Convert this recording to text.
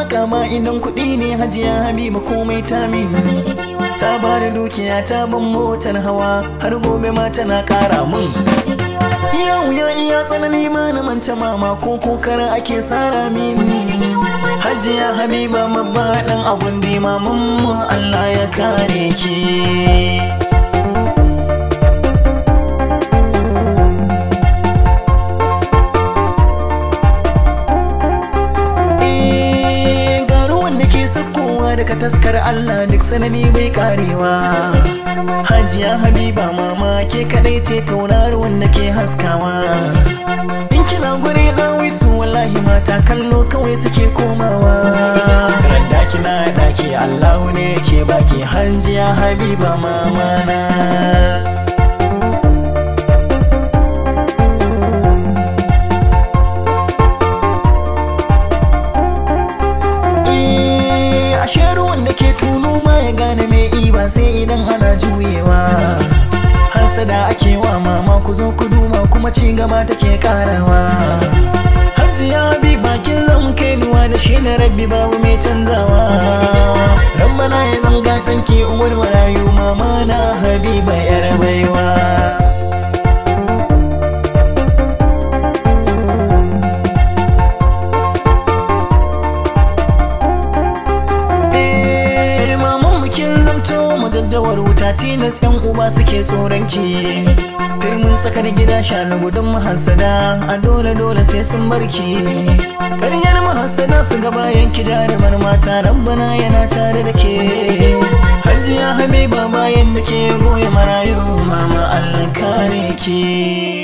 waka ma idan kuɗi ne hajiya habiba komai ta min ta ba da dukiya ta ban motar hawa har gobe ma tana ƙara mun. iya ya iya tsanani ma na manta mama ko kokarin ake tsara mini hajiya habiba mabba dan abun dimamin mu Allah ya kare ki zama daga taskar Allah duk tsanani bai karewa Hajiya Habiba mama ke kadai ce tauraruwan ke haskawa In kina guri na wisu wallahi mata kallo kawai suke komawa Randa kina daki Allahu ne ke baki Hajiya Habiba mama na ashe ruwan da ke tuno ma ya gane me iba sai idan ana juyewa da ake wa mama ku zo ku duma kuma ci gaba take karawa hajiya bi bakin zan kai nuwa da shi na rabbi babu mai canzawa ramana ya zanga tanki uwar marayu mama na habiba jajjawar wuta tilas yan uba suke tsoron ki turmin tsakar gida sha na gudun mahasada a dole dole sai sun barki karyar mahasada su ga bayan ki jarumar mata rabbana yana tare da ke hajiya habiba bayan da ke goya marayu mama allah kare ki